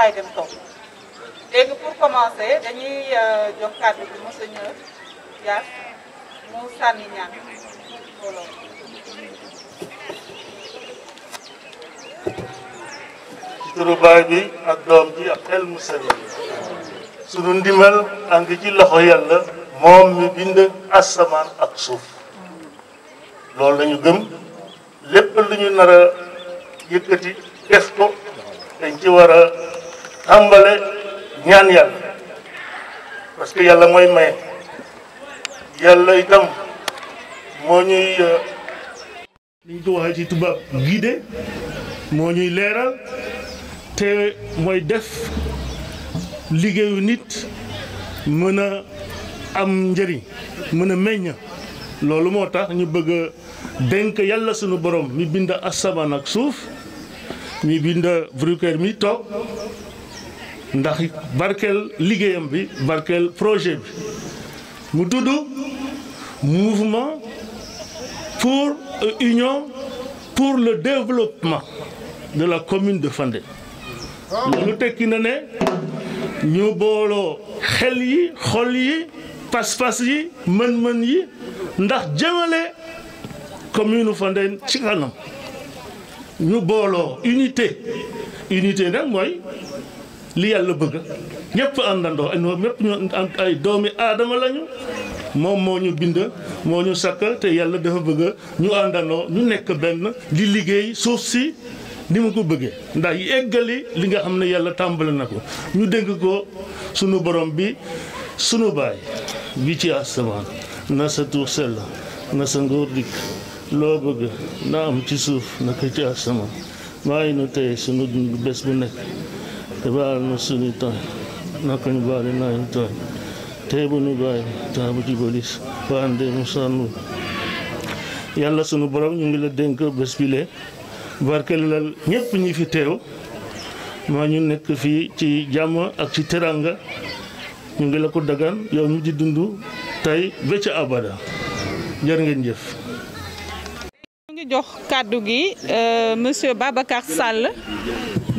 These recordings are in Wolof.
lay dem tok légui pour commencer dañuy euh, jox cadre bi monseigneur Dia mu sànni ñaan mbooloo turu bi ak doom ji ak xel mu ndimal ci loxo mi bind ak suuf lañu gëm ñaan yàlla parce que yàlla mooy maye yàlla itam moo ñuy uh, ni ñu ko waxee ci tubaab guidé moo ñuy leeral te mooy def liggéeyu nit mën a am njëriñ mën a meññ loolu moo tax ñu bëgg denk dénk yàlla sunu borom mi bind asamaan ak suuf mi bind bruker mi toog ndax barkel liggéeyam projet bi mu mouvement pour euh, union pour le développement de la commune de Fandé. Nous tekki na ñu booloo xel yi xol yi pas-pas yi mën-mën yi commune unité unité li yàlla bëgg ñepp andando ay mepp ñu ay doomi aadama lañu mom moo ñu bind moo ñu sakk te yalla dafa bëgg ñu andano ñu nekk ben di liggéey suuf si ni mu ko bëgge ndax eggali li nga xamne yalla tambal na ko ñu dégg ko sunu borom bi suñu bay bi ci asman na sa tour sell na sa ngor dik lo bëgg na am ci suuf naka ci asman maa nu sunu bu nekk baal na suñu tooñ naka ñu baale naa ñu tooñ tey bu ñu bàyyi taabu ci bolis waa mu sànnu yàlla sunu borom ñu ngi la dénk bés bi lee barkeel la ñi fi teew maa ñu nekk fii ci jàmm ak ci teranga ñu ngi la ko dagaan yow mu di dund tey ba ca abada jër ngeen jëf jox kàddu gi euh, monsieur Babacar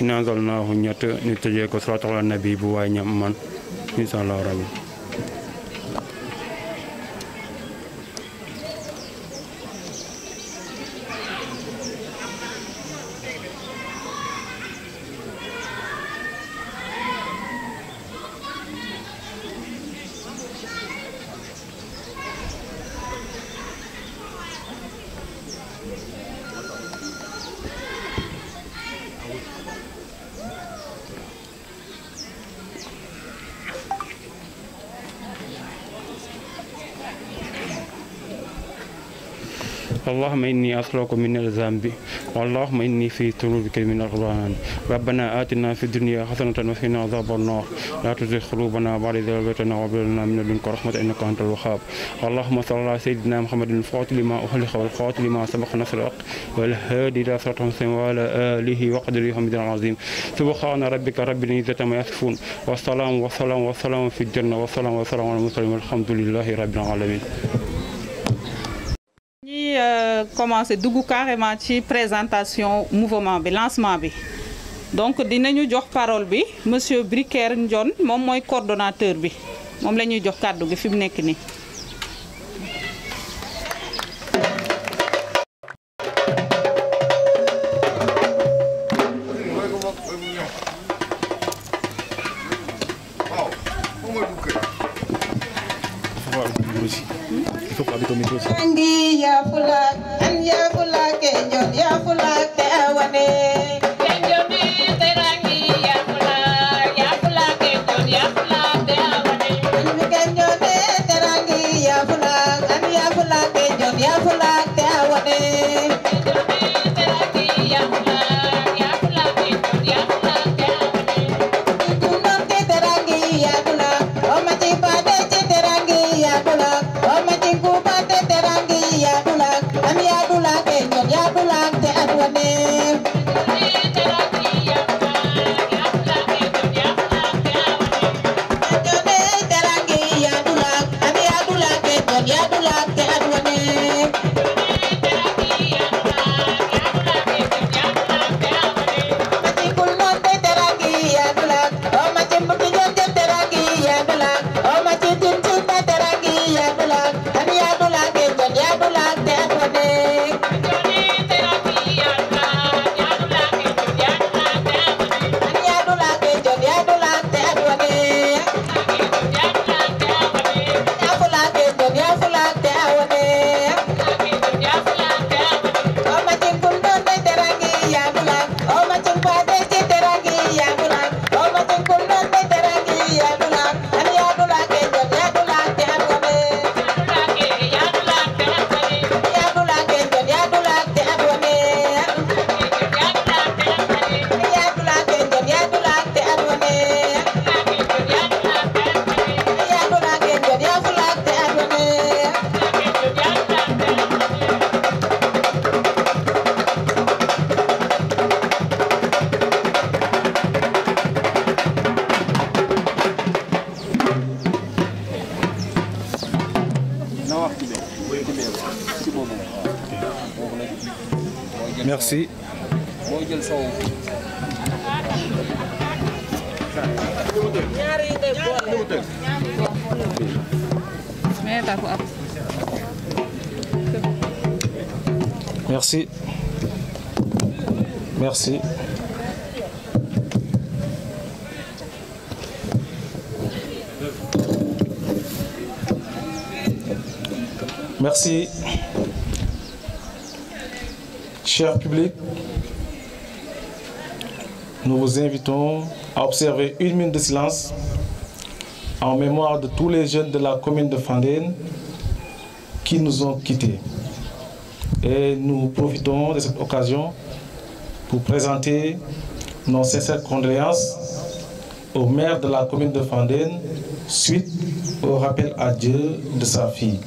inna anzalnaahu ñett ñu tëjee ko salaatu ala nabi bu waay ñam man incha allah rabbi إني من الذنب اللهم إني في طلوبك من الغفران ربنا آتنا في الدنيا حسنة وفينا عذاب النار لا تزغ قلوبنا بعد إذ هديتنا وهب لنا من لدنك رحمة إنك أنت الوهاب اللهم صل على سيدنا محمد الفاتح لما أهلك والقاتل لما سبق نصرك والهادي إلى صراط المستقيم وعلى آله وقدره حمد العظيم سبحان ربك رب العزة ما يصفون والسلام والسلام والسلام في الجنة والسلام والسلام على المرسلين والحمد لله رب العالمين Euh, commencé dugg carrément ci présentation mouvement bi lancement bi donc dinañu jox parole bi monsieur Bricaire Ndione moom mooy coordinateur bi moom la ñuy jox kàddu gi fi mu nekk ya fulak te awane Merci. Merci. Merci. Cher public, nous vous invitons à observer une minute de silence en mémoire de tous les jeunes de la commune de Fandène qui nous ont quittés. Et nous profitons de cette occasion pour présenter nos sincères condoléances au maire de la commune de Fandène suite au rappel à Dieu de sa fille.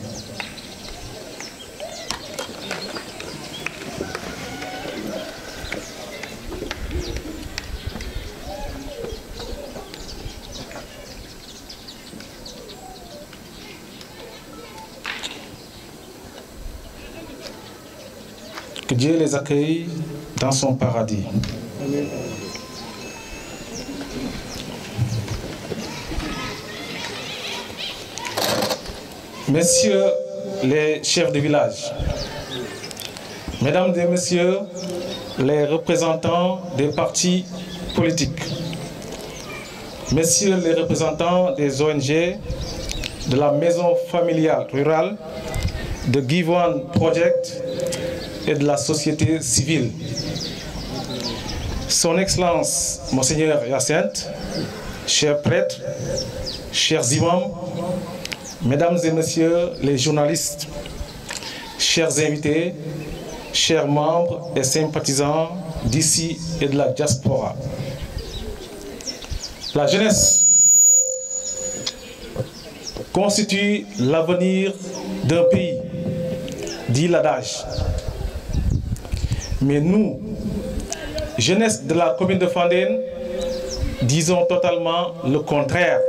Dieu les accueille dans son paradis. Messieurs les chefs de village, Mesdames et Messieurs les représentants des partis politiques, Messieurs les représentants des ONG, de la maison familiale rurale, de Givon Project et de la société civile. Son Excellence, Monseigneur Yacinthe, chers prêtres, chers imams, Mesdames et Messieurs les journalistes, chers invités, chers membres et sympathisants d'ici et de la diaspora. La jeunesse constitue l'avenir d'un pays, dit l'adage. Mais nous, jeunesse de la commune de Fandène, disons totalement le contraire.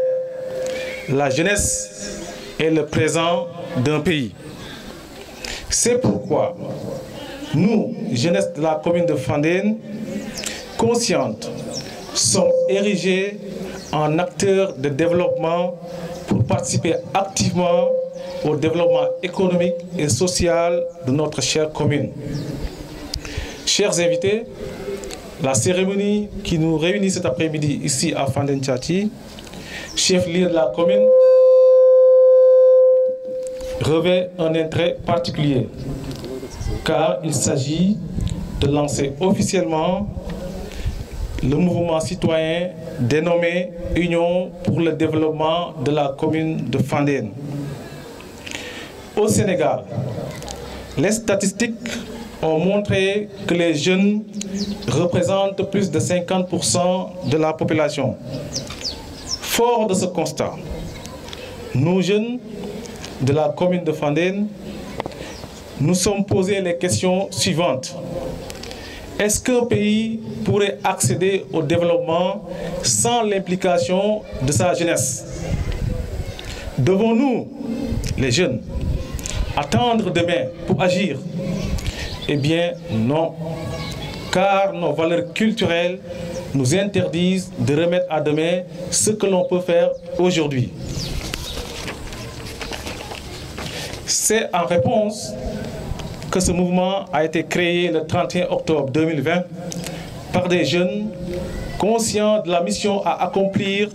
La jeunesse est le présent d'un pays. C'est pourquoi nous, jeunesse de la commune de Fandène, conscientes, sommes érigées en acteurs de développement pour participer activement au développement économique et social de notre chère commune. Chers invités, la cérémonie qui nous réunit cet après-midi ici à Fandenchati, chef-lieu de la commune, revêt un intérêt particulier car il s'agit de lancer officiellement le mouvement citoyen dénommé Union pour le développement de la commune de Fanden. Au Sénégal, les statistiques ont montré que les jeunes représentent plus de 50% de la population. Fort de ce constat, nous jeunes de la commune de Fandène, nous sommes posés les questions suivantes. Est-ce qu'un pays pourrait accéder au développement sans l'implication de sa jeunesse Devons-nous, les jeunes, attendre demain pour agir eh bien non, car nos valeurs culturelles nous interdisent de remettre à demain ce que l'on peut faire aujourd'hui. C'est en réponse que ce mouvement a été créé le 31 octobre 2020 par des jeunes conscients de la mission à accomplir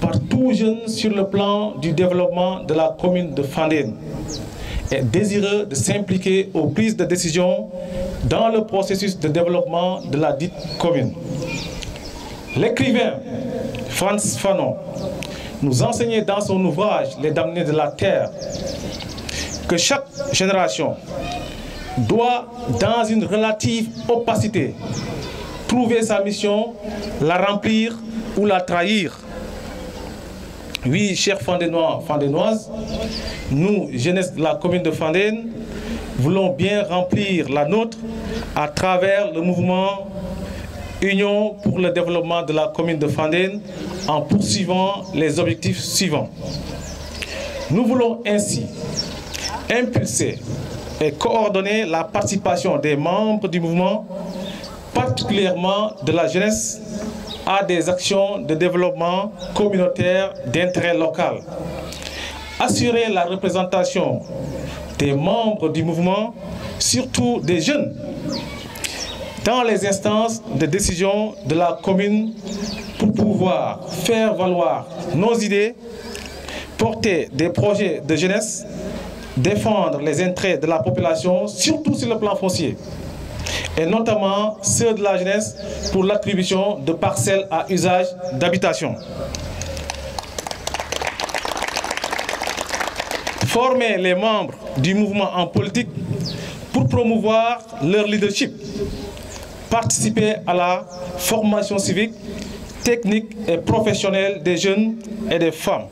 par tous jeunes sur le plan du développement de la commune de Fandène est désireux de s'impliquer aux prises de décision dans le processus de développement de la dite commune. L'écrivain Franz Fanon nous enseignait dans son ouvrage Les damnés de la terre que chaque génération doit, dans une relative opacité, trouver sa mission, la remplir ou la trahir oui, chers Fandénois, Fandénoises, nous, jeunesse de la commune de Fandène, voulons bien remplir la nôtre à travers le mouvement Union pour le développement de la commune de Fandène en poursuivant les objectifs suivants. Nous voulons ainsi impulser et coordonner la participation des membres du mouvement, particulièrement de la jeunesse, à des actions de développement communautaire d'intérêt local. Assurer la représentation des membres du mouvement, surtout des jeunes, dans les instances de décision de la commune pour pouvoir faire valoir nos idées, porter des projets de jeunesse, défendre les intérêts de la population, surtout sur le plan foncier et notamment ceux de la jeunesse pour l'attribution de parcelles à usage d'habitation. Former les membres du mouvement en politique pour promouvoir leur leadership, participer à la formation civique, technique et professionnelle des jeunes et des femmes.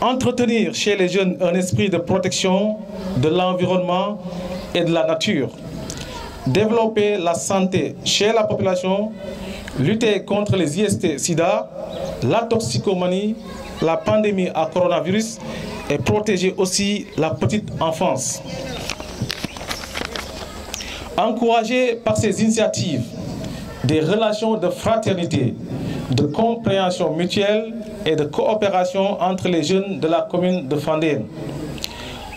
Entretenir chez les jeunes un esprit de protection de l'environnement et de la nature, développer la santé chez la population, lutter contre les IST-SIDA, la toxicomanie, la pandémie à coronavirus et protéger aussi la petite enfance. Encourager par ces initiatives, des relations de fraternité, de compréhension mutuelle et de coopération entre les jeunes de la commune de Fandène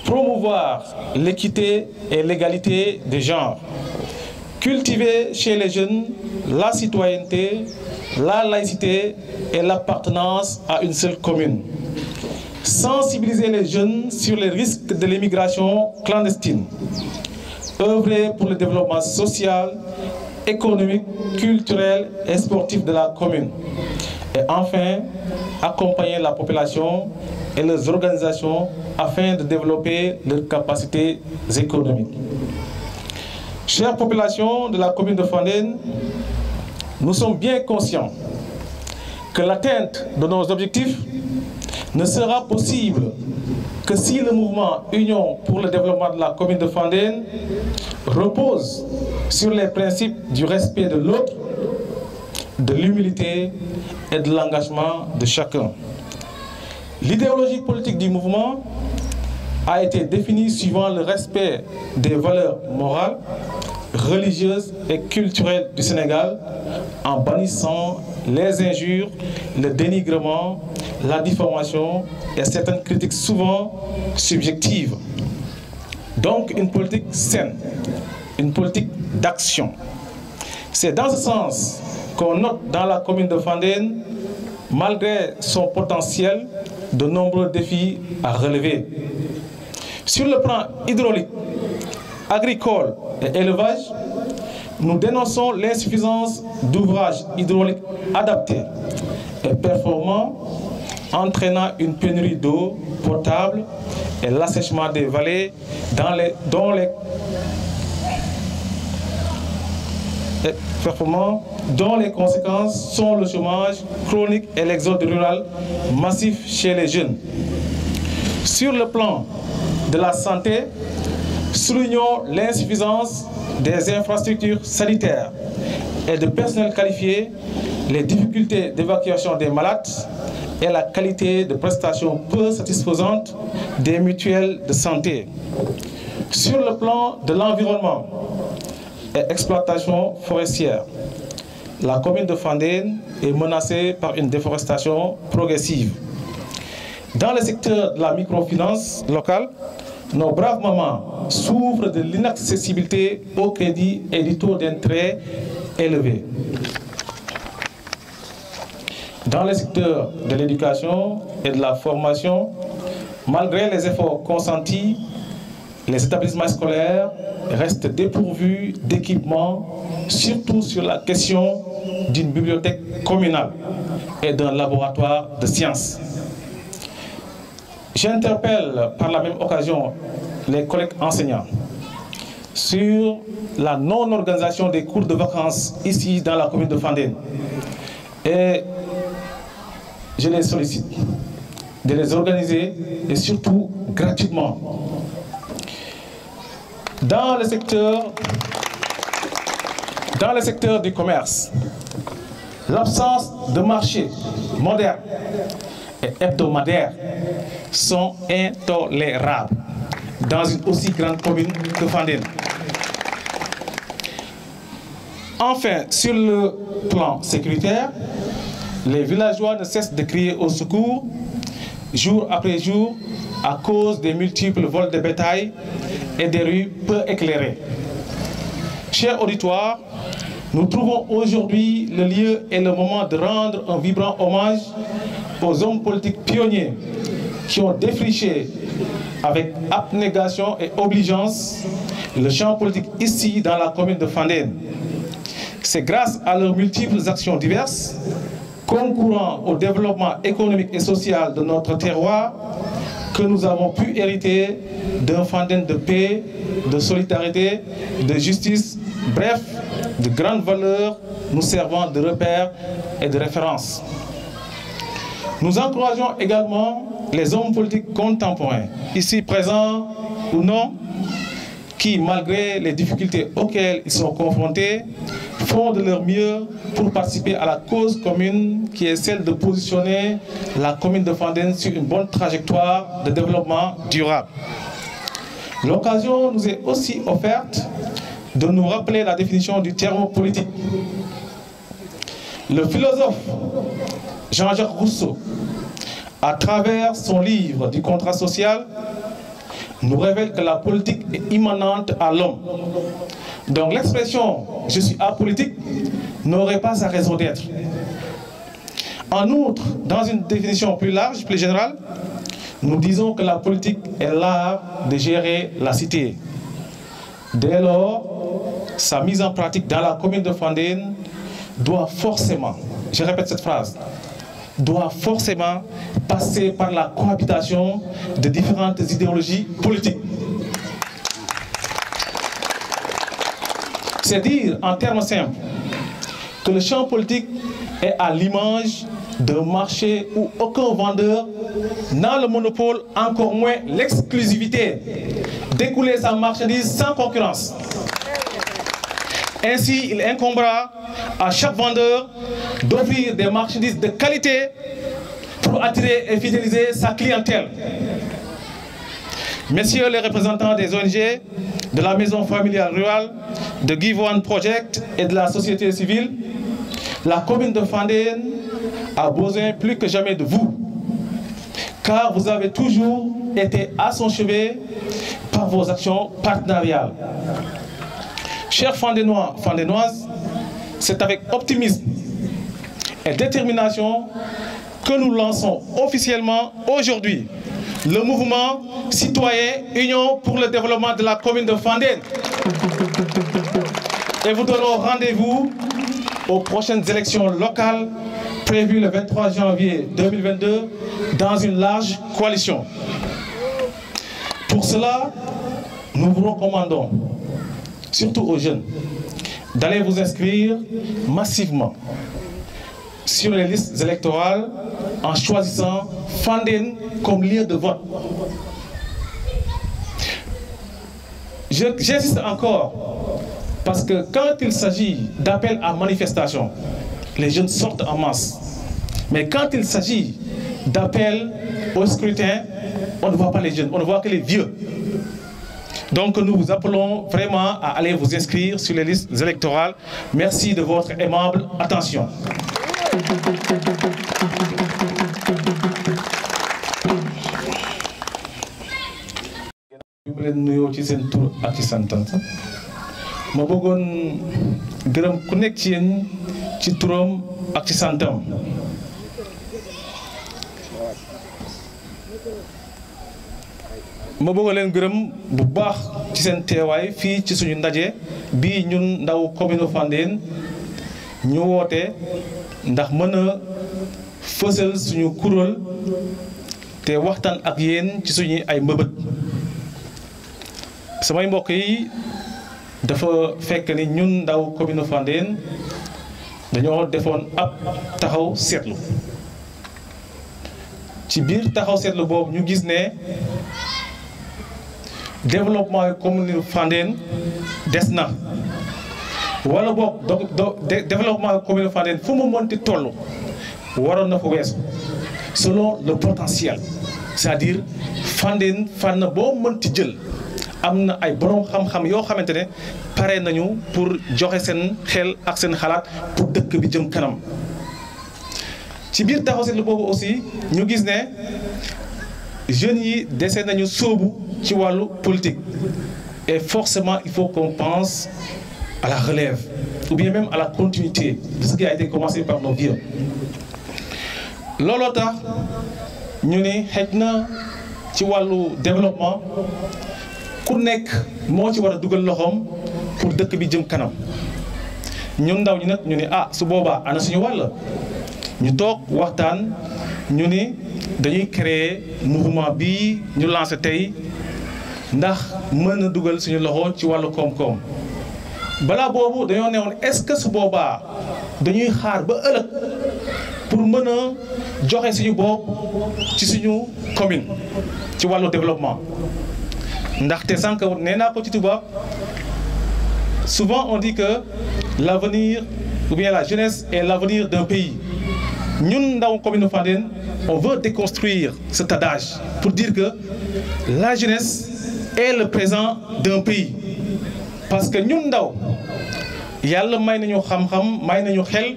promouvoir l'équité et l'égalité des genres, cultiver chez les jeunes la citoyenneté, la laïcité et l'appartenance à une seule commune, sensibiliser les jeunes sur les risques de l'immigration clandestine, œuvrer pour le développement social, économique, culturel et sportif de la commune, et enfin accompagner la population et leurs organisations afin de développer leurs capacités économiques. Chère population de la commune de Fondaine, nous sommes bien conscients que l'atteinte de nos objectifs ne sera possible que si le mouvement Union pour le développement de la commune de Fondaine repose sur les principes du respect de l'autre, de l'humilité et de l'engagement de chacun. L'idéologie politique du mouvement a été définie suivant le respect des valeurs morales, religieuses et culturelles du Sénégal en bannissant les injures, le dénigrement, la diffamation et certaines critiques souvent subjectives. Donc une politique saine, une politique d'action. C'est dans ce sens qu'on note dans la commune de Fandène, malgré son potentiel, de nombreux défis à relever. Sur le plan hydraulique, agricole et élevage, nous dénonçons l'insuffisance d'ouvrages hydrauliques adaptés et performants, entraînant une pénurie d'eau potable et l'assèchement des vallées dans les, dont les performants dont les conséquences sont le chômage chronique et l'exode rural massif chez les jeunes. Sur le plan de la santé, soulignons l'insuffisance des infrastructures sanitaires et de personnel qualifié, les difficultés d'évacuation des malades et la qualité de prestations peu satisfaisante des mutuelles de santé. Sur le plan de l'environnement, et exploitation forestière. La commune de Fandène est menacée par une déforestation progressive. Dans le secteur de la microfinance locale, nos braves mamans souffrent de l'inaccessibilité au crédit et du taux d'intérêt élevé. Dans le secteur de l'éducation et de la formation, malgré les efforts consentis les établissements scolaires restent dépourvus d'équipements, surtout sur la question d'une bibliothèque communale et d'un laboratoire de sciences. J'interpelle par la même occasion les collègues enseignants sur la non-organisation des cours de vacances ici dans la commune de Fandène. Et je les sollicite de les organiser et surtout gratuitement dans le secteur, dans le secteur du commerce, l'absence de marché moderne et hebdomadaire sont intolérables dans une aussi grande commune que Fandine. Enfin, sur le plan sécuritaire, les villageois ne cessent de crier au secours jour après jour à cause des multiples vols de bétail et des rues peu éclairées. Chers auditoires, nous trouvons aujourd'hui le lieu et le moment de rendre un vibrant hommage aux hommes politiques pionniers qui ont défriché avec abnégation et obligeance le champ politique ici dans la commune de Fandène. C'est grâce à leurs multiples actions diverses, concourant au développement économique et social de notre terroir, que nous avons pu hériter d'un fontaine de paix, de solidarité, de justice, bref, de grandes valeurs nous servant de repères et de références. Nous encourageons également les hommes politiques contemporains, ici présents ou non, qui, malgré les difficultés auxquelles ils sont confrontés, font de leur mieux pour participer à la cause commune qui est celle de positionner la commune de Fandène sur une bonne trajectoire de développement durable. L'occasion nous est aussi offerte de nous rappeler la définition du terme politique. Le philosophe Jean-Jacques Rousseau, à travers son livre du contrat social, nous révèle que la politique est immanente à l'homme donc l'expression « je suis apolitique » n'aurait pas sa raison d'être. En outre, dans une définition plus large, plus générale, nous disons que la politique est l'art de gérer la cité. Dès lors, sa mise en pratique dans la commune de Fondaine doit forcément, je répète cette phrase, doit forcément passer par la cohabitation de différentes idéologies politiques C'est dire, en termes simples, que le champ politique est à l'image d'un marché où aucun vendeur n'a le monopole, encore moins l'exclusivité, d'écouler sa marchandise sans concurrence. Ainsi, il incombera à chaque vendeur d'offrir des marchandises de qualité pour attirer et fidéliser sa clientèle. Messieurs les représentants des ONG, de la Maison familiale rurale, de Give One Project et de la société civile, la commune de Fandéen a besoin plus que jamais de vous, car vous avez toujours été à son chevet par vos actions partenariales. Chers Fandénois, Fandénoises, c'est avec optimisme et détermination que nous lançons officiellement aujourd'hui le mouvement citoyen Union pour le développement de la commune de Fandène. Et vous donnons rendez-vous aux prochaines élections locales prévues le 23 janvier 2022 dans une large coalition. Pour cela, nous vous recommandons, surtout aux jeunes, d'aller vous inscrire massivement sur les listes électorales en choisissant Fanden comme lieu de vote. J'insiste encore, parce que quand il s'agit d'appel à manifestation, les jeunes sortent en masse. Mais quand il s'agit d'appel au scrutin, on ne voit pas les jeunes, on ne voit que les vieux. Donc nous vous appelons vraiment à aller vous inscrire sur les listes électorales. Merci de votre aimable attention. leen nuyoo ci seen tur ak santam ma bëggoon gërëm ku nekk ci ci turam ak ci leen gërëm bu baax ci seen teewaay fii ci suñu ndaje bii ñun ndaw commune Fandène ñu woote ndax mën a fësal suñu kuréel te waxtaan ak yéen ci suñuy ay mbëbët que mbokk yi dafa fekk ni ñun ndaw commune dañoo defoon ab taxaw seetlu ci biir taxaw seetlu boobu ñu gis le développement la commune fandin wala boog développement la commune de fu mu mënti toll na ko weesu selon le potentiel c'est-à-dire Fandène fànn boo mënti jël amna ay borom xam-xam yo xamantene paré pare nañu pour joxé sen xel ak sen xalat pour dëkk bi jëm kanam ci biir taxaw seetlu bobu aussi ñu gis ne jeune yi déssé nañu sóobu ci walu politique et forcément il faut qu'on pense à la relève ou bien même à la continuité de ce qui a été commencé par nos vieux Lolo tax ñu ni xëj ci walu développement pour nekk moo ci war a dugal loxoom pour dëkk bi jëm kanam ñun ndaw ñi nag ñu ni ah su boobaa ana suñu wàll ñu toog waxtaan ñu ni dañuy créer mouvement bi ñu lancer tey ndax mën na dugal suñu loxo ci wàllu koom-koom balaa boobu dañoo newoon est-ce que su boobaa dañuy xaar ba ëllëg pour mën a joxe suñu bopp ci suñu commune ci wàllu développement souvent on dit que l'avenir ou bien la jeunesse est l'avenir d'un pays Nous, ndaw commune Fandène on veut déconstruire cet adage pour dire que la jeunesse est le présent d'un pays parce que ñun ndaw le may nañu xam-xam may nañu xel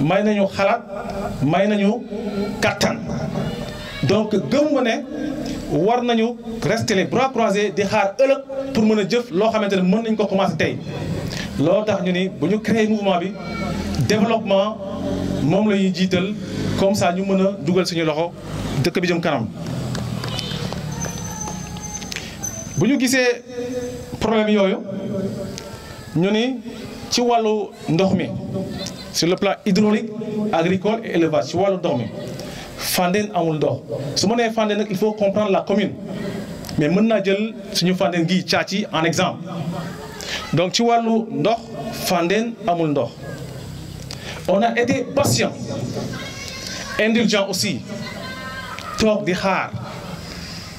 may nañu xalaat may nañu katan donc gëm nga war nañu rester les bras croisés di xaar pour mën a jëf loo xamante ne mën nañu ko commencé tey loolu tax mouvement bi développement moom la ñuy comme ça ñu mën Google seigneur suñu loxo dëkk bi jëm kanam. bu ñu problème yooyu ñu ni ci wàllu ndox mi sur le plan hydraulique agricole et élevage ci wàllu ndox mi. Fandène amul ndox Si il faut comprendre la commune mais nous avons jël suñu en exemple donc tu vois nous Fandène amul on a été patient indulgent aussi toog di Har.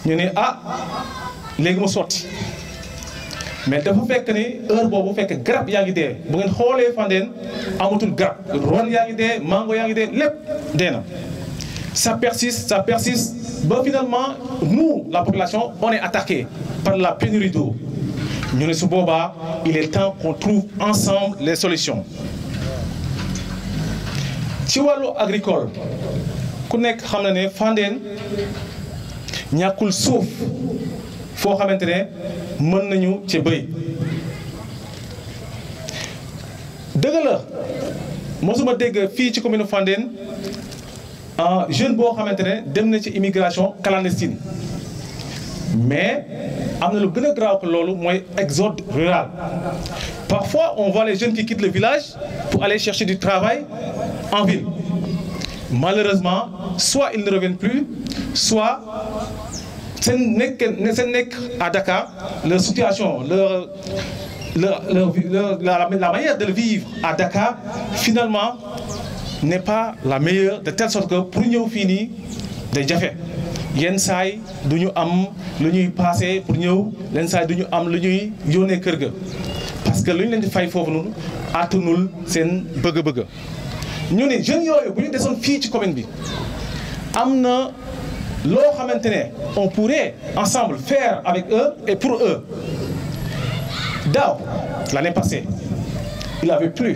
ñu ah les sortis. mais dafa fekk ni heure fekk Vous faites bu ngeen ça persiste, ça persiste. Bon, finalement, nous, la population, on est attaqué par la pénurie d'eau. Nous sommes il est temps qu'on trouve ensemble les solutions. Tiwalo agricole ku nekk xam na souf, Fandène ñàkkul suuf foo xamante ne mën nañu ci bëy la ci commune Fandène jeune boo maintenant ne dem immigration clandestine mais il y plus grave pour rural parfois on voit les jeunes qui quittent le village pour aller chercher du travail en ville malheureusement soit ils ne reviennent plus soit ce n'est à Dakar leur situation leur la manière de vivre à Dakar finalement n'est pas la meilleure de telle sorte que pour nous fini déjà fait yenn saay du am lu ñuy passé pour ñëw saay du am lu ñuy parce que nous, nous fay nous nous. seen bëgg-bëgg jeunes yooyu bu ñu desoon fii ci commune bi Nous, na on pourrait ensemble faire avec eux et pour eux daaw l'année passée il avait plus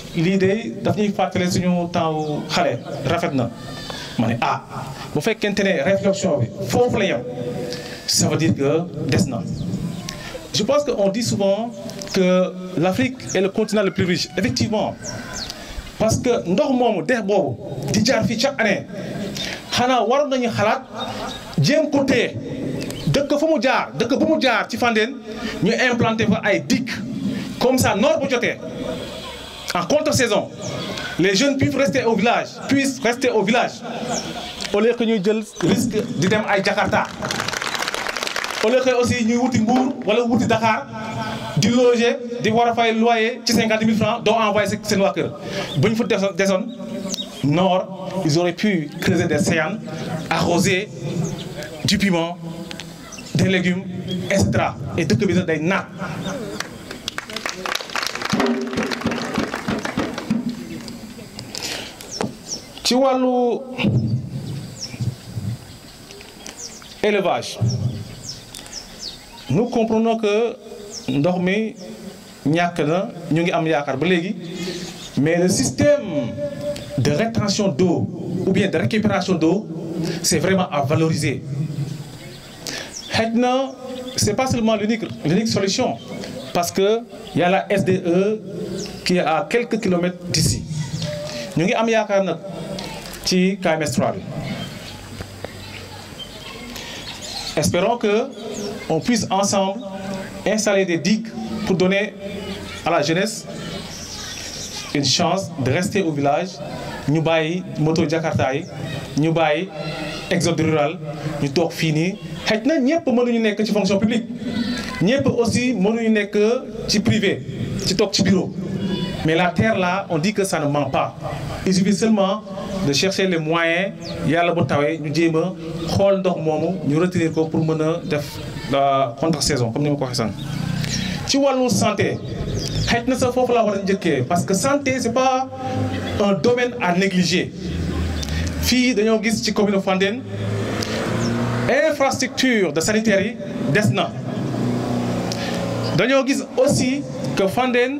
lii de daf ñuy fàttale suñu temps wu rafetna mané na ma ne ah bu fekkente réflexion bi foofu la yem ça veut dire que des na. je pense que on dit souvent que l'Afrique est le continent le plus riche effectivement parce que ndox moomu dex boobu di jaar fi chaque année xana war nañu xalat jëm ko téye dëkk fu mu jaar dëkk bu mu jaar ci Fandène ñu implanter fa ay dik comme ça nord bu joté en contre-saison les jeunes puissent rester au village puissent rester au village On lieu que ñuy risque di dem Jakarta On lieu que aussi ñuy wuti Mbour wala wuti Dakar di loger di voir faire fay loyer ci 000 francs dont un seen c'est noir. Bonne ñu des zones, nord ils auraient pu creuser des séances arroser du piment des légumes et et tout bi des day ci élevage nous comprenons que nous mi a na ñu ngi am mais le système de rétention d'eau ou bien de récupération d'eau c'est vraiment à valoriser Maintenant, c'est pas seulement l'unique solution parce que il y a la SDE qui est à quelques kilomètres d'ici Nous ngi am espérons que on puisse ensemble installer des digues pour donner à la jeunesse une chance de rester au village ñu bàyyi moto jakarta nous ñu exode rural nous sommes finis Nous pour na pas mënuñu fonction publique pas aussi mënuñu que ci privé ci toog ci bureau mais la terre là, on dit que ça ne ment pas. Il suffit seulement de chercher les moyens. Il y a le bon travail, nous disons, nous retenir pour mener la contre-saison, comme nous le Tu vois, nous santé. Parce que santé, ce n'est pas un domaine à négliger. Fille de Nyongis, la commune Fanden, infrastructure de sanitaire, d'Esna. Nous aussi que Fanden,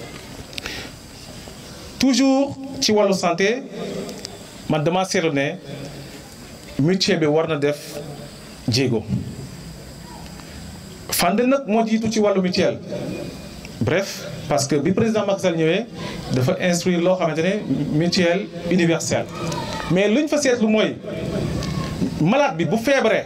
toujours ci walu santé man dama seetlu ne Diego. bi warna def jéego Fandène nak mo jiitu ci walu mutuel bref parce que bi président Macky Sall dafa instruire lo xamantene mutuel universel universel. mais luñ fa sétlu moy malade bi bu feebaree.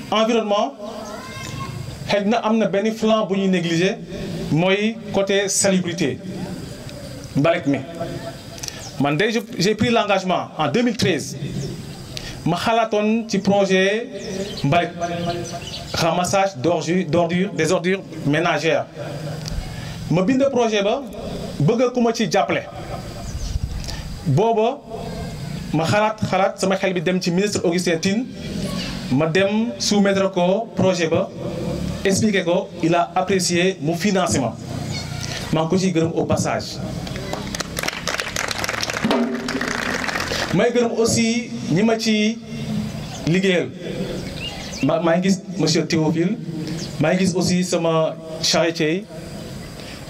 environnement xëy na am benn flanc bu ñuy négliger mooy côté salubrité mbalit mi man de j'ai pris l'engagement en 2013 ma xalaatoon ci projet mbalit ramassage d'ordures d'ordures des ordures ménagères ma bind projet ba bëgg ku ma ci jàppale booba ma xalaat xalaat sama xel bi dem ci ministre Augustin Tine madame dem soumettre ko projet ba expliquer ko il a apprécié mon financement maa ko au passage. may gërëm aussi ñi ma ci liggéeyal ma monsieur Théophile ma ngi aussi sama charité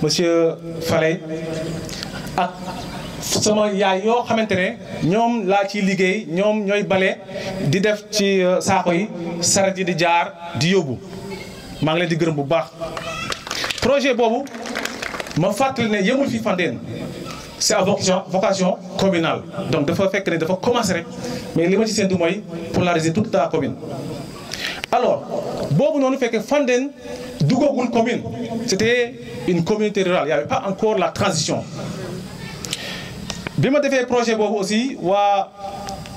monsieur falay ak sama yaay yo xamantene di def ci euh, yi di jaar di projet Bobu, ma de ne c'est à vocation communale donc dafa fekk ne commencer mais li ma polariser toute la commune alors commune c'était une communauté rurale il y avait pas encore la transition bi ma defee projet boobu aussi wa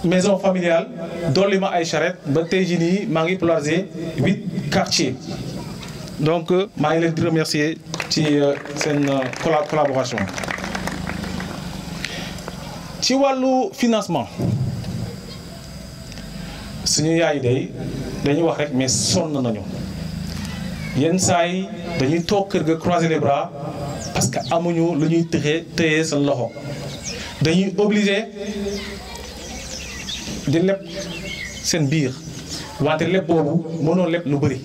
maison familiale dolli ma ay charrette ba tey jii nii maa ngi huit quartiers donc euh, maa ngi leen di remercier ci euh, seen euh, collaboration ci wàllu financement suñu yaay day dañuy wax rek mais son nañu yenn saa yi dañuy toog kër ga croiser les bras parce que amuñu lu ñuy tëxee tëyee loxo dañuy obligé di leb seen biir wante leb boobu mënoo leb lu bëri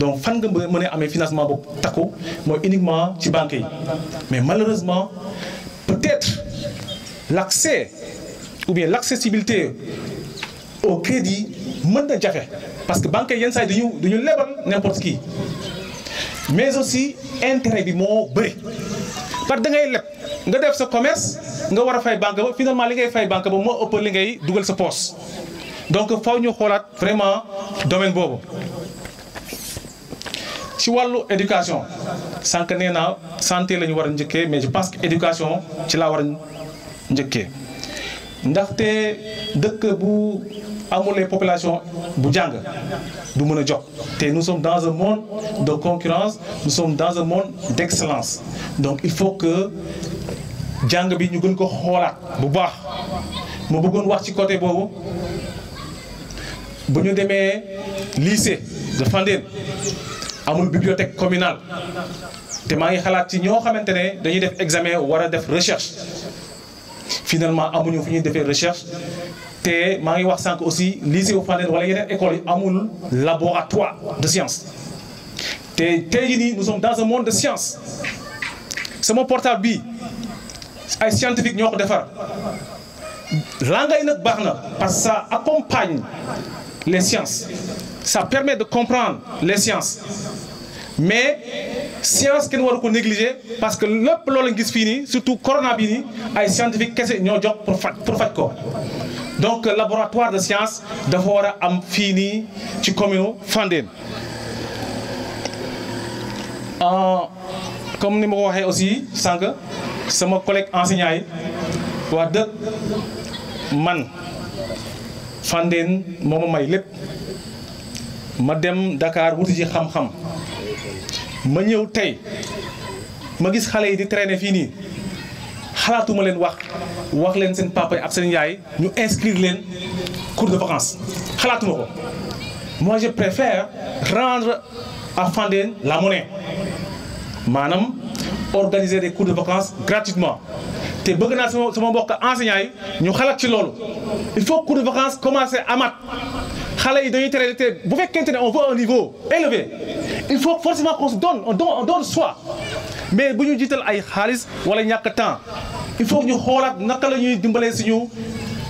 donc fan nga mën a amee financement boobu takku mooy uniquement ci banque yi mais malheureusement peut-être l'accès ou bien l'accessibilité au crédit mën na jafe parce que banque yi yenn saa yi dañu dañu lebal n'importe qui mais aussi intérêt bi moo bëri parce que da ngay leb nga def sa commerce nga banque finalement li ngay fay banque li donc faw ñu vraiment domaine boobu ci éducation santé mais je pense que éducation ci la war amulee population bu jàng du mën nous sommes dans un monde de concurrence nous sommes dans un monde d'excellence donc il faut que jàng bi ñu gën ko xoolaat bu baax mo bëggoon wax ci côté bobu bu ñu démé lycée de Fandène amul bibliothèque communale té ma ngi xalaat ci ño xamante dañuy def examen wara def recherche finalement amuñu fu ñuy defee recherche et marie aussi lycée au Fandène wala yeneen école Amoul, laboratoire de sciences. Et Té nous sommes dans un monde de sciences. C'est mon portable Les ay scientifique ont fait L'anglais est nag parce que ça accompagne les sciences ça permet de comprendre les sciences mais science nous nous avons négligées, parce que le loo leen fini surtout le coronavirus, les scientifiques, scientifique ont ñoo pour donc laboratoire de science dafa war a am fii nii ci commune Fandène comme ni ma ko waxee aussi sànq sama collègue enseignant yi waa dëkk man Fandène moo ma may lépp ma dem ndakaar wuti ci xam-xam ma ñëw tey ma gis xale yi di traîner fii nii xalaatuma leen wax wax leen seen papa ak seen yaay ñu inscrire leen cours de vacances xalaatuma ko moi je préfère rendre à Fandène la monnaie maanaam organiser des cours de vacances gratuitement te bëgg naa sama sama mbokk enseignant yi ñu xalaat ci loolu il faut cours de vacances commencer mat. xale yi dañuy tere te bu fekkente ne on veut un niveau élevé il faut forcément qu'on se donne on donne on donne soi mais bu ñu jiital ay xaalis wala ñak temps il faut ñu xolat naka lañuy dimbalé suñu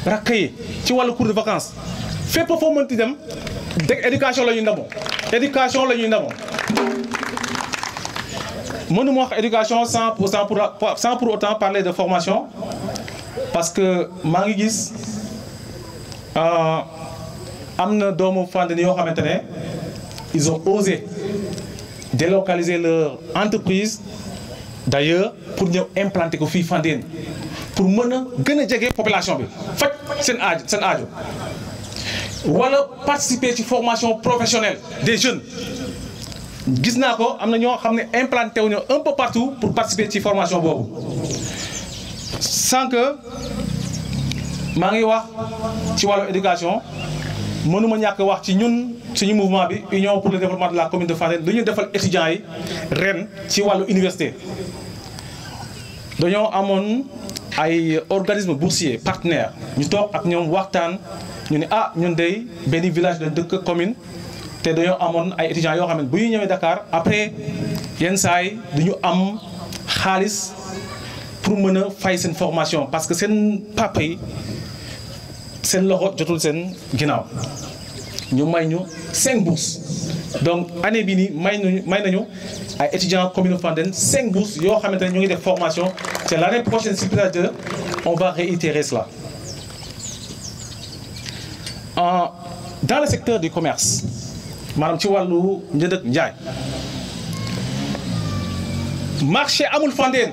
rakay ci walu cours de vacances fépp foo mënti dem éducation lañuy ñuy éducation lañuy ñuy mënu mo wax éducation 100% pour sans pour autant parler de formation parce que ma ngi gis euh amna doomu Fandène yoo xamante ne ils ont osé délocaliser leur entreprise d'ailleurs pour nous implanter au de fandine pour mener a population C'est un âge ou alors participer participer formation professionnelle des jeunes Nous avons implanté un peu partout pour participer à la formation sans que Mario ne wax ci mënuma ñàkk wax ci ñun suñu mouvement bi union pour le développement de la commune de Fandène lu ñu defal étudiants yi ren ci wàllu université avons amoon ay organisme boursier partenaire ñu toog ak Nous avons ñu ne ah ñun dey benn village de deux communes. Nous avons amoon ay étudiants yo xam bu ñu ñëwé Dakar après yeen saay du am pour mëna fay seen formation parce que seen papa yi sen loxo jotul sen ginaaw ñu may ñu cinq bourses donc année bi ni may nañu may nañu ay étudiants commune Fandène cinq bourses yo xamantene ñu ngi def formation c'est l'année prochaine CIPRES on va réitérer cela en dans le secteur du commerce madame ci walu njënd ak marché amul Fandène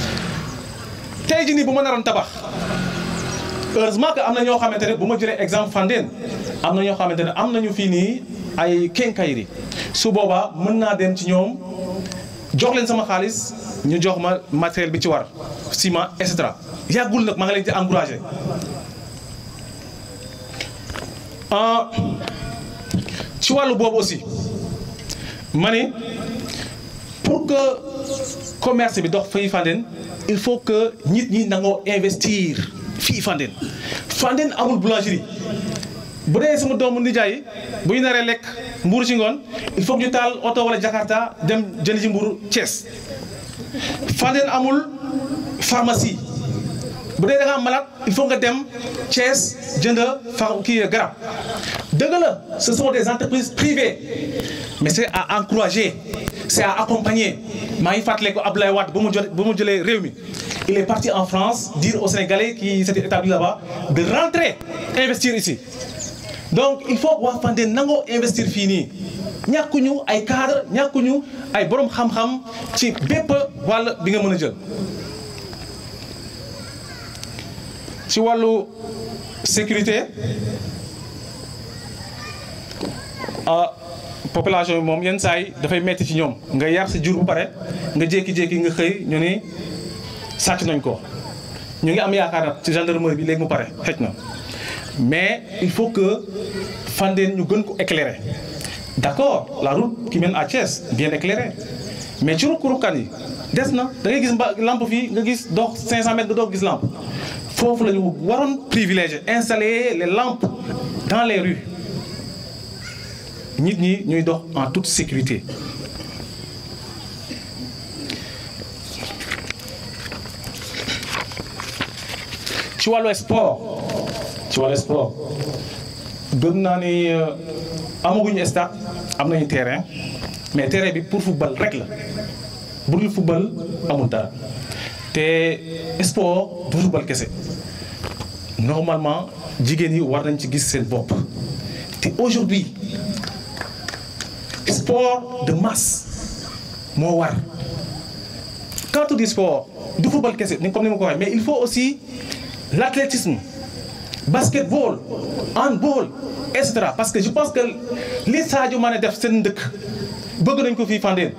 tey jii nii bu ma naroon tabax heureusement que am na ñoo xamante ne bu ma jëlee exemple Fandène am na ñoo xamante ne am nañu fii nii ay kénkayri su boobaa mën naa dem ci ñoom jox leen sama xaalis ñu jox ma matériel bi ci war siman et cetera yàggul nag maa ngi leen di encouragé ah, ci wàllu boobu aussi ma pour que commerce bi dox fii Fandène il faut que nit ñi nangoo investir fii Fandène Fandène amul boulangerie bu dee sama doomu nijaay bu ñu naree lekk ci ngoon il faut que ñu taal oto wala Jakarta dem jëli ci mbuuru Thiès Fandène amul pharmacie bu dee da nga am malade il faut nga dem Thiès jënd fa kii garab la ce sont des entreprises privées mais c'est à encourager c'est à accompagner maa ngi fàttaliku Abdoulaye Wad, ba mu jël ba il est parti en France dire aux Sénégalais qui s'étaient établis là-bas de rentrer investir ici donc il faut waa Fandé Nango investir fini nii ñàkkuñu ay cadre ñàkkuñu ay borom xam-xam ci bépp wàll bi nga mën a jël ci wàllu sécurité ah population mom yenn say les gens metti ci ñom nga yar si jur bu pare nga jéki jéki nga xey ñu ni nañ ko ñu ngi am ci gendarmerie bi mu mais il faut que ñu gën ko éclairer d'accord la route qui mène à Thiès bien éclairée mais ci yi na da ngay gis lampe nga 500 mètres dox gis lampe que lañu waron privilégier installer les lampes dans les rues nit ñi ñuy dox en toute sécurité Tu vois le sport Tu vois le sport gëm naa ni euh, amaguñu stade am nañu terrain mais terrain bi pour football rek la bu football amul dara te sport du football kese normalement jigéen yi war nañ ci gis seen bopp te aujourd'hui sport de masse mo war quand tu dis sport du football kese ni comme ni ma ko mais il faut aussi l'athlétisme, basketball handball etc. parce que je pense que les Sadio Mané def sen deuk bëgg nañ ko fi Fandène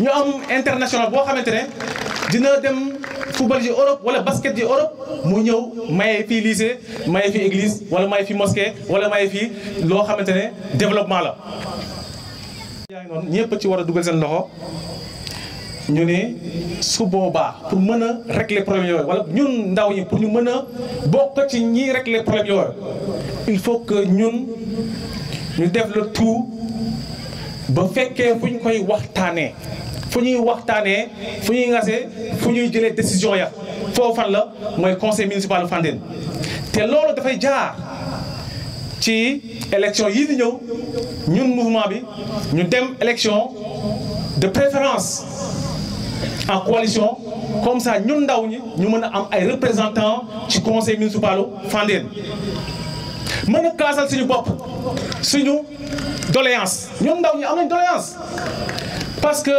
ñu am international bo xamante dina dem. football ji Europe wala basket ji Europe mu ñëw maye fii lycée maye fi église wala maye fi mosquée wala maye fii loo xamante ne développement la. yaa ngi noonu ñëpp ci war a dugal seen loxo ñu ne su boobaa pour mën a régler problème yooyu wala ñun ndaw ñi pour ñu mën a bokk ci ñi régler problème yooyu il faut que ñun ñu def le tout ba fekkee fu ñu koy waxtaanee. fu ñuy waxtaanee fu ñuy ngasee décision ya foofu fan la moy conseil municipal bu té te da fay jaar ci élection yi di ñëw ñun mouvement bi ñu dem élection de préférence en coalition comme ça ñun ndaw ñi ñu mëna am ay représentants ci conseil municipal bu mëna mën suñu bop suñu doléance ñun ndaw ñi am nañ doléance parce que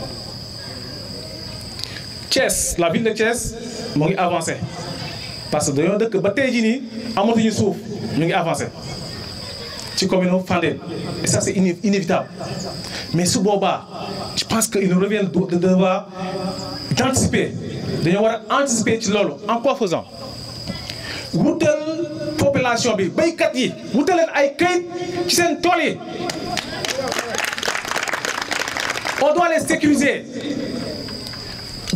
Thiès la ville de Chess, moo avancer. avancé parce que dañoo dëkk ba tey Jini, nii amatuñu Souf, ñu ngi avancé ci commune Fandène et ça c'est inévitable mais su Boba, je pense que nous revient de devoir d'anticiper de war anticiper ci lolo en quoi faisant wutal population bi avez yi population, leen ay kayit ci seen tool on doit les sécuriser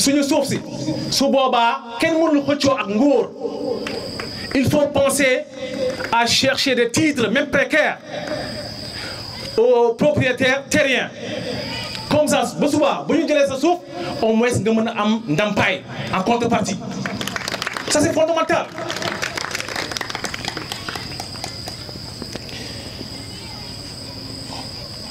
suñu si su mënul il faut penser à chercher des titres même précaires aux propriétaires terriens comme ça vous suba vous jëlé sa suuf au moins nga en contrepartie ça c'est fondamental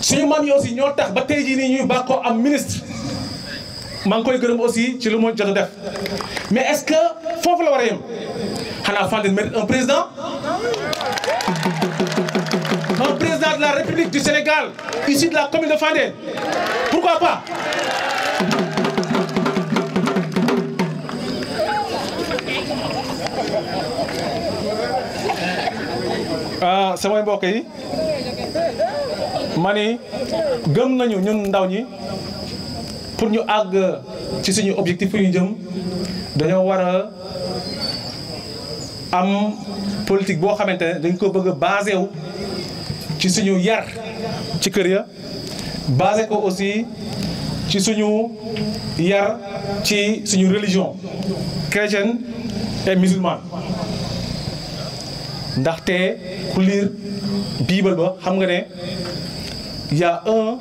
Si vous aussi ñoo ministre aussi mais est-ce que vous la un président un président de la République du Sénégal ici de la commune de Fandé. pourquoi pas ah samay mbokk yi ma gëm nañu ñun ndaw ñi pour ñu àgg ci suñu objectif yu jëm dañoo war a am politique boo xamante ne dañ ko bëgg a basé wu ci suñu yar ci kër ya basé ko aussi ci suñu yar ci suñu religion chrétienne et musulmane ndaxte ku biibal ba xam nga ne il y a un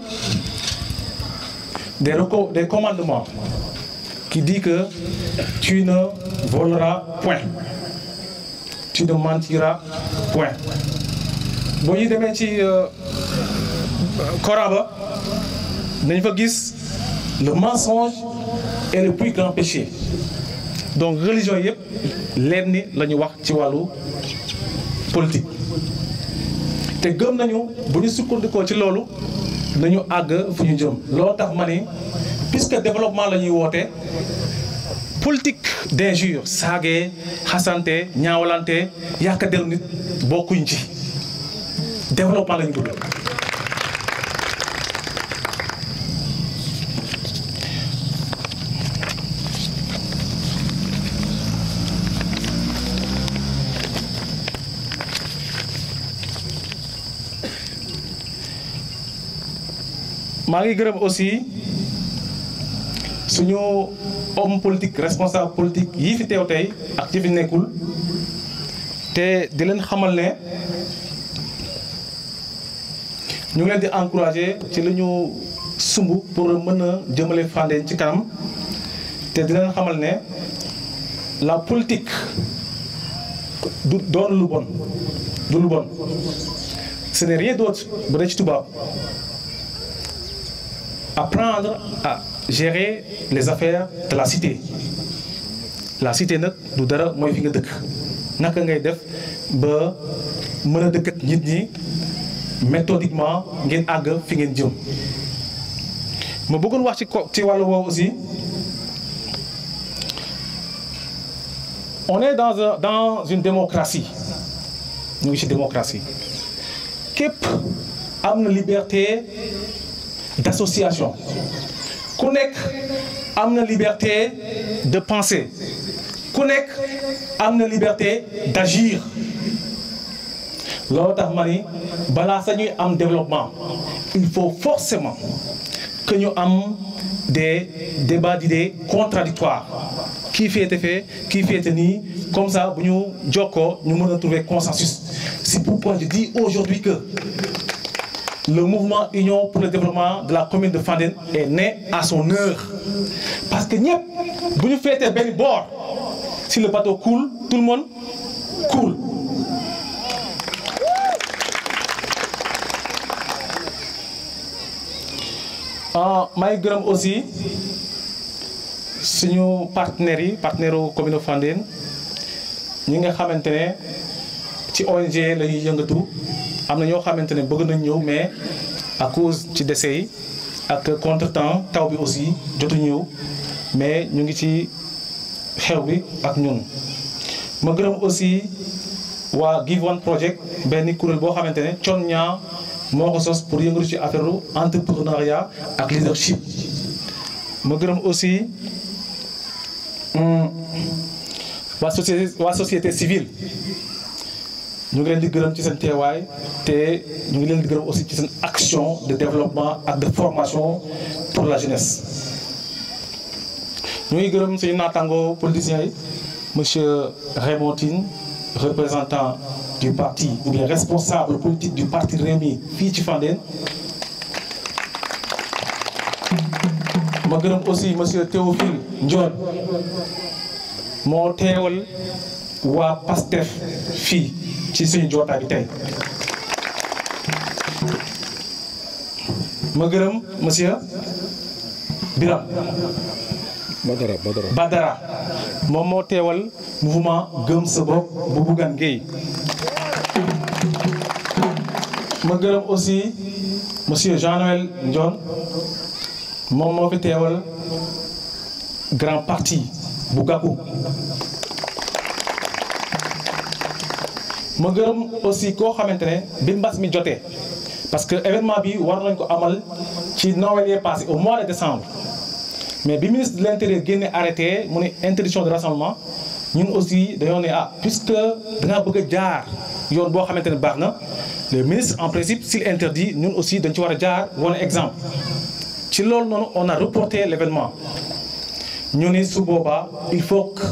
des, des commandements qui dit que tu ne voleras point. Tu ne mentiras point. vous euh, le mensonge est le plus grand péché donc religion l'ennemi, l'ennemi, politique te gëm nañu bu ñu sukkandikoo ci loolu nañu àgg fu ñu jëm loo tax ma ni puisque développement la ñuy woote politique d'injure saagee xasante ñaawalante yàq der nit bokkuñ ci développement la ñu Marie ngi aussi suñu homme politique responsable politique yii fi teew tay, ak ci fi te di leen xamal ne ñu ngi leen di encourager ci li ñu sumb pour mën a jëmale ci te di leen xamal ne la politique du don lu bon du lu ce n'est rien d'autre ba dee ci apprendre à gérer les affaires de la cité la cité notre du dara mooy fi nga dëkk naka def ba mën a méthodiquement ngeen Je fi ngeen jëm ma bëggoon wax ci aussi on est dans un dans une démocratie Nous, c'est une démocratie Qui a une liberté d'association Connecte à la liberté de penser Qu'on à la liberté d'agir loolu tax ma développement il faut forcément que nous ayons des débats d'idées contradictoires Qui fait qui qui fait tenir. comme ça nous Joko, trouver consensus c'est pourquoi je dis aujourd'hui que le mouvement Union pour le développement de la commune de Fandine est né à son heure. Parce que nous avons fait un bord. Si le bateau coule, tout le monde coule. Ah, may gërëm aussi suñu partenaires yi partenaire la commune Fandine, nous nga xamante ci ONG la de tout am na ñoo xamantene bëgg nañ ñëw mais à cause ci décès yi ak contretemps taw bi aussi jotu ñëw mais ñu ngi ci xew bi ak ñun. ma gërëm aussi waa Give One Project benn kuréel boo xamantene ne con ñaa moo ko sos pour yëngatu ci affaire entrepreneuriat ak leadership. ma gërëm aussi hmm, waa société waa société civile nous voulons dire que c'est un travail et nous aussi action de développement et de formation pour la jeunesse. nous voulons dire que c'est politiciens politicien, monsieur Raymondine représentant du parti ou bien responsable politique du parti Rémi, fii ci nous voulons dire aussi monsieur Théophile mon moo ou à PASTEF Fille ci seen jotaay bi tey monsieur Biram Badara Badara Badara moom mouvement gëm sa bopp bu Bougane aussi monsieur Jean-Noël John. moom moo grand parti bu ma gërëm aussi koo xamante ne bi mbas mi jotee parce que événement bi war nañ ko amal ci Noël yee passé au mois de décembre mais bi ministre de l' intérieur arrêté mu ne interdiction de rassemblement ñun aussi dañoo ne ah puisque dangaa bëgg a jaar yoon boo xamante ne baax na le ministre en principe s'il interdit ñun aussi dañ ci war a jaar exemple ci loolu noonu on a reporté l'événement. événement ñu ne su boobaa il faut que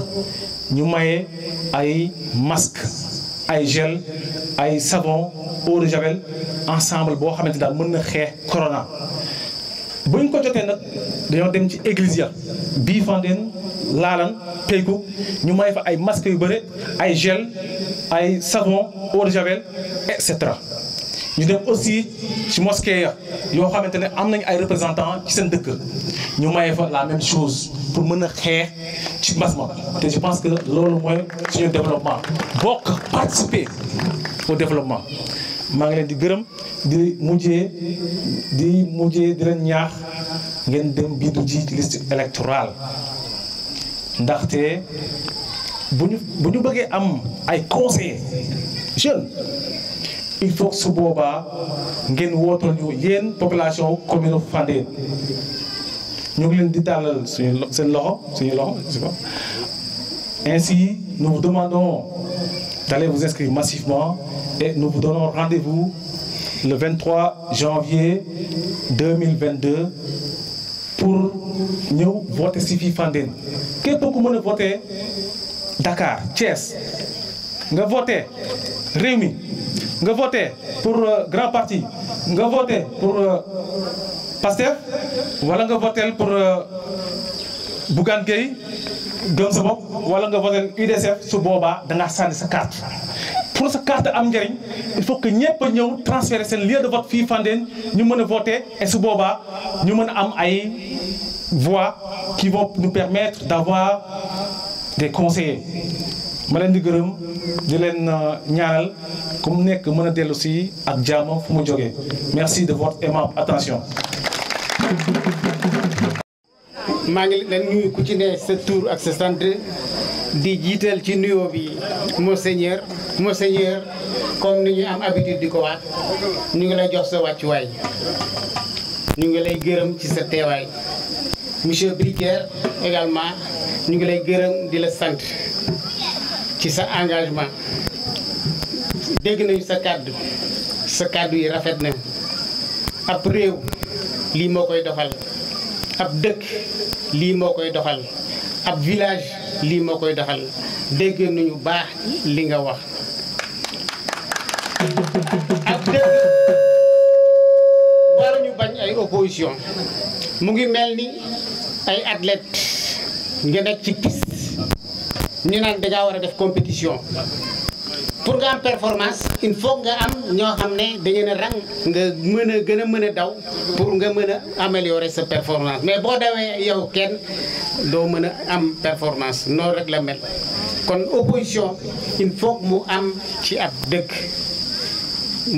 ñu maye ay masque ay gel ay savon eau de javel ensemble bo xamante daal mën na corona buñ ko jotee nag dañoo dem ci église ya bii Fandène laalan peyku ñu may fa ay masque yu bëre ay gel ay savon eau de javel et cetera ñu dem aussi ci mosquée ya yoo xamante ne am nañu ay représentants ci seen dëkk ñu fa la même chose pour mën a xeex ci je pense que loolu mooy suñu développement bokk participer au développement maa ngi leen di gërëm di mujjee di mujjee di leen ñaax ngeen dem biidu ji ci liste électorale ndaxte bu ñu bu ñu am ay conseillers jeunes il faut ce boobaa ngeen wootal ñu yeen population commune Fandène ñu ngi leen di talal suñu seen loxo loxo ainsi nous vous demandons d'aller vous inscrire massivement et nous vous donnons rendez-vous le 23 janvier 2022 pour nous voter si Fandine. Fandène Que de voter Dakar Thiès nga voter réwmi nga voté pour euh, grand parti nga voté pour euh, Pasteur, wala nga voté pour euh, bougan Gueye gëm sa bopp wala nga voté UDCF su da nga sa carte pour sa carte am il faut que ñepp puissions transférer le lieu de vote nous fanden ñu et su boba ñu am voix qui vont nous permettre d'avoir des conseillers malen di gërëm di leen euh, ñaanal ku mu nekk mën a dellu si ak jaama fu mu jógee merci de votre aimable attention. maa ngi leen nuyu ku ci ne sa tour ak sa centre di jiital ci nuyo bi monseigneur monseigneur comme ni ñu am habitude di ko waat ñu ngi lay jox sa wàccuwaay ñu ngi lay gërëm ci sa teewaay monsieur Bricaire également ñu ngi lay gërëm di la sant. ki sa anganjman. Dèkè nou yon sakadou, sakadou yon rafèdnen. Ap rèw, li mò kòy do kòl. Ap dèk, li mò kòy do kòl. Ap vilaj, li mò kòy do kòl. Dèkè nou yon ba, lingawa. Ap dèk, wò yon yon banyay yon kousyon. Moun gen men ni, yon atlet, gen ak chitis. ñu naan da war a def compétition pour nga am performance il faut nga am ñoo am ne dañu ne rang nga mën a gën a mën a daw pour nga mën a améliorer sa performance mais boo dawee yow kenn doo mën a am performance noonu rek la mel kon opposition il faut mu am ci ab dëkk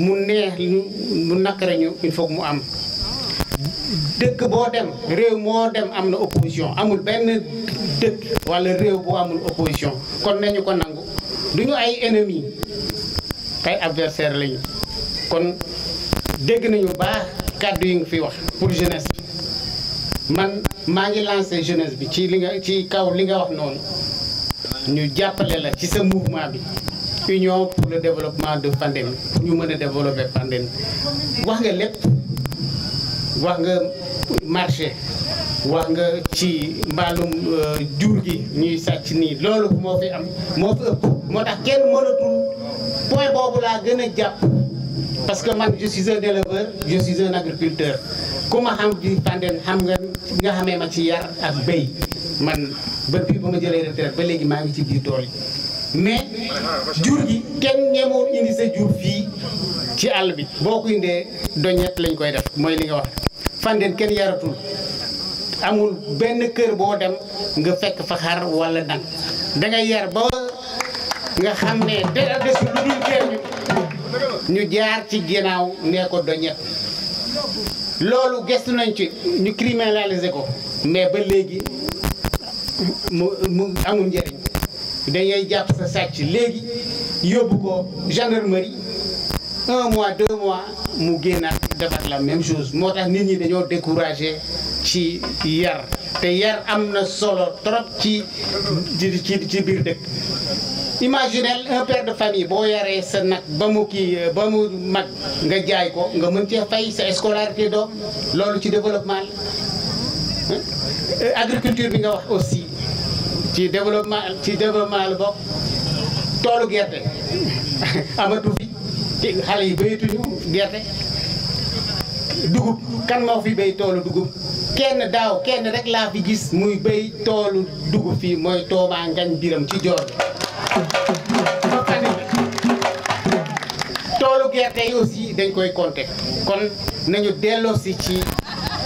mu neex mu naqare ñu il faut mu am. dëkk boo dem réew moo dem am na opposition amul benn dëkk walla réew bu amul opposition kon nañu ko nangu du ñu ay ennemi ay adversaire lañu kon dégg nañu baax kàddu yi nga fi wax pour jeunesse man maa ngi lancé jeunesse bi ci li nga ci kaw li nga wax noonu ñu jàppale la ci sa mouvement bi ñoo pour le développement de Fandène pour ñu mën a développer wax nga lépp wax nga marché wax nga ci mbaalum euh, jur gi ñuy sàcc nii loolu moo fi am moo fi ëpp moo tax kenn mënatul point boobu laa gën a jàpp parce que man je suis un éleveur je suis un agriculteur ku ma xam di Fandène xam nga xamee ma ci yar ak béy man ba bii ba ma jëlee retraite ba léegi maa ngi ci biir tool yi mais jur gi kenn ñemoo indi sa jur fii ci àll bi boo ko indee doñet lañ koy def mooy li nga wax Fandène kenn yaratul amul benn kër boo dem nga fekk fa xar wala nag dangay yar ba nga xam ne dara desu lu dul jëriñu ñu jaar ci ginnaaw nee ko doñet loolu gestu nañ ci ñu criminaliser ko mais ba léegi mu mu amul njëriñ dañuy jàpp sa sàcc léegi yóbbu ko gendarmerie un mois deux mois mu génnaat defar la même chose moo tax nit ñi dañoo découragé ci yar te yar am na solo trop ci ci ci biir dëkk. imaginel un père de famille boo yaree sa nag ba mu kii ba mu mag nga jaay ko nga mën cee fay sa scolarité doom loolu ci développement la euh, agriculture bi nga wax aussi. ci développement ci développement la bokk toolu gerte amatu fi xale yi béyatuñu gerte dugub kan moo fi béy toolu dugub kenn daaw kenn rek laa fi gis muy béy toolu dugub fii mooy toobaa ngañ biram ci joor toolu gerte yi aussi dañ koy compter kon nañu delloosi ci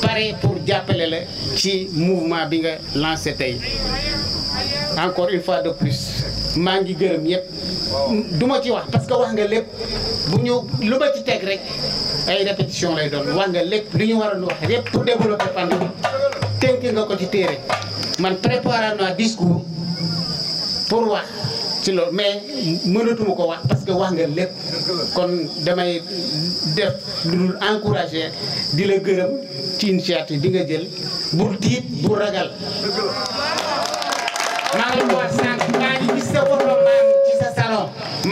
pare pour jàppale la ci mouvement bi nga lancé tey encore une fois de plus maa ngi gërëm yëpp duma ma ci wax parce que wax nga lépp bu ñu lu ma ci teg rek ay répétition lay doon wax nga lépp li ñu waroon wax yëpp pour développer Pandor tënk nga ko ci téere man préparé naa discours pour wax ci loolu mais mënatuma ko wax parce que wax nga lépp kon damay def lu dul encouragé di la gërëm ci initiative bi nga jël bul tiit bul ragal maa ngi ko wax sànq maa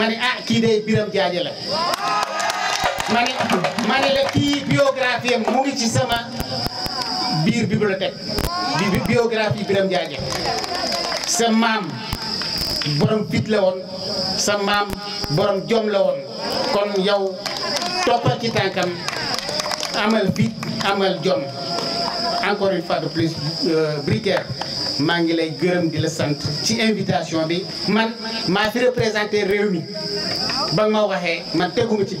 ngi ah, kii day Birame Diagne la ma ne ma ne la kii biographie mu ngi ci sama biir bibliothèque bi biographie Birame Diagne sa maam borom fit la woon sa maam borom jom la woon kon yow toppal ci tànkam amal fit amal jom encore une fois de plus euh, briquer, maa les lay de la santé. ci invitation bi man ma représenté réew ba nga waxee man teguma ci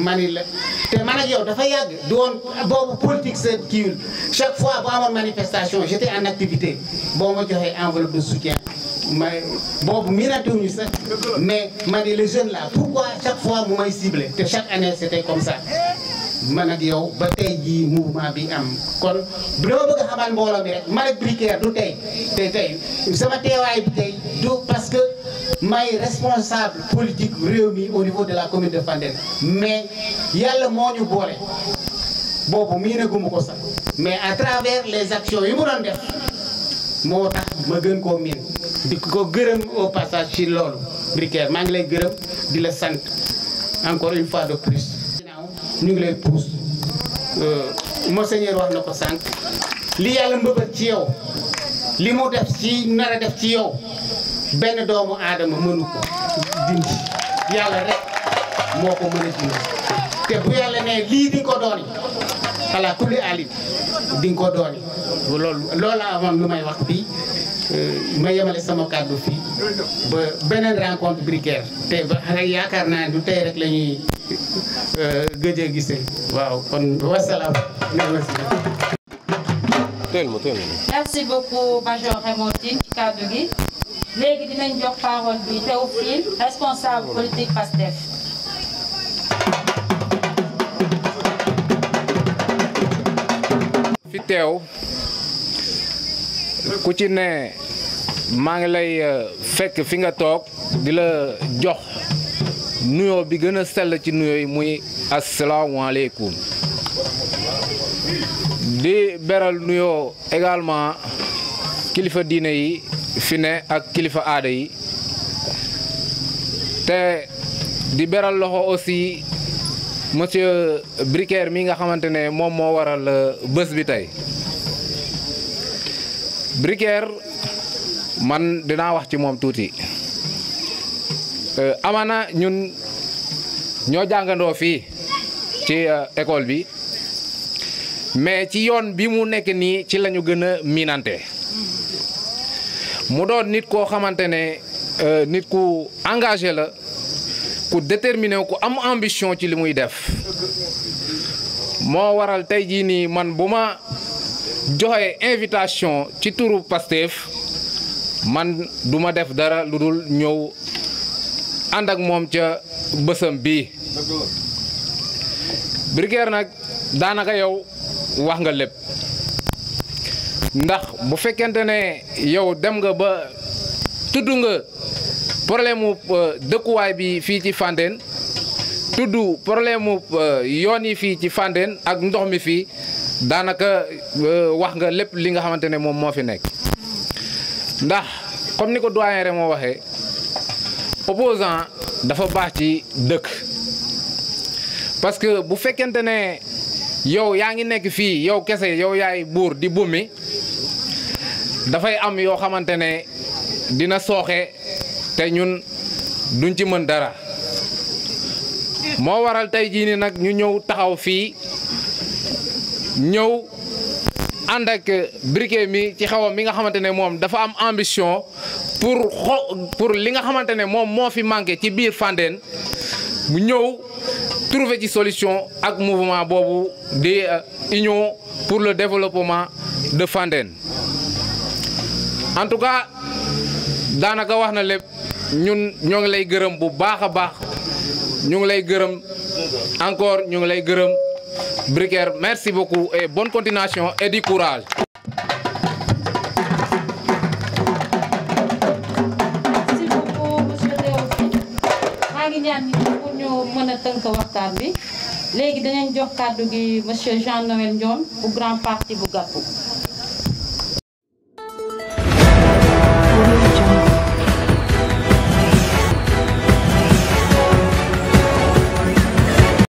ma la te man ak yow dafa politique sa kiiwul chaque fois avant amoon manifestation j'étais en activité boo ma un enveloppe de soutien ma boobu mais ma ni là pourquoi chaque fois vous may ciblé chaque année c'était comme ça man ak yow ba tay ji mouvement bi am kon bu dama bëgg xamal mbooloo mi rek Malick Bricaire du tey te tey sama teewaay bi tey du parce que may responsable politique réew mi au niveau de la commune de Fandène mais yàlla moo ñu boole boobu mii na ko sax mais à travers les actions yi mu doon def moo tax ma gën koo miin di ko gërëm au passage ci loolu Bricaire maa ngi lay gërëm di la sant encore une fois de plus ñu ngi lay pousse euh, monseigneur wax na ko sànq li yàlla mbëbët ci yow li mu def ci nar def ci yow benn doomu aadama mënu ko dindi yàlla rek moo ko mën a dindi te bu yàlla ne lii di ko dooni ala kulli alit di nga ko dooni loolu loolu amoon lu may wax fii euh, ma yemale sama kàddu fii ba beneen rencontre bricaire te yaakaar naa du tey rek la Euh, gëj ci kàddu fi teew ku ci ne maa ngi lay euh, fekk fi nga toog di la jox nuyoo bi gën a sell ci nuyoo yi muy asalaamaaleykum di beral nuyoo également kilifa diine yi fi ne ak kilifa aada yi te di beral loxo aussi monsieur Bricaire mi nga xamante ne moom moo waral euh, bés bi tey Bricaire man dinaa wax ci moom tuuti. Euh, Amana ñun ñoo jàngandoo fi ci euh, école bi mais ci yoon bi mu nekk ni, ci lañu gëna minanté mu doon nit ko xamante euh, nit ku engagé la ku déterminé ku am ambition ci li muy def mo waral tey ni man buma invitation ci touru Pastef man duma def dara ludul ñew andak mom moom ca bi bii brigadier nag daanaka yow wax nga lepp ndax bu fekkente ne yow dem nga ba tuddu nga problème mu euh, bi fi ci Fandène tuddu problème euh, yoni fi fi ci Fandène ak ndox mi fi danaka euh, wax nga lepp li nga xamantene mom mo fi nek ndax comme niko doyen rek mo opposant dafa baax ci dëkk parce que bu fekkente ne yow yaa ngi nekk fii yow kese yow yaay buur di bumi dafay am yoo xamante ne dina sooxe te ñun duñ ci mën dara moo waral tey jii nag ñu ñëw taxaw fii ñëw ànd ak briquet mi ci xewam mi nga xamante ne moom dafa am ambition pour xo pour li nga xamante ne moom moo fi manqué ci biir Fandène mu ñëw trouver ci solution ak mouvement boobu di euh, union pour le développement de Fandène en daanaka wax na lépp ñun ñoo ngi lay gërëm bu baax a baax ñu ngi lay gërëm encore ñu ngi lay gërëm Bricaire, merci beaucoup et bonne continuation et du courage. Merci beaucoup, monsieur Léofi. maa ngi ñaan ñi pour ñu mën a tënk waxtaan bi léegi danañ jox kàddu gi monsieur Jean Noël Ndione bu grand parti bu gàppu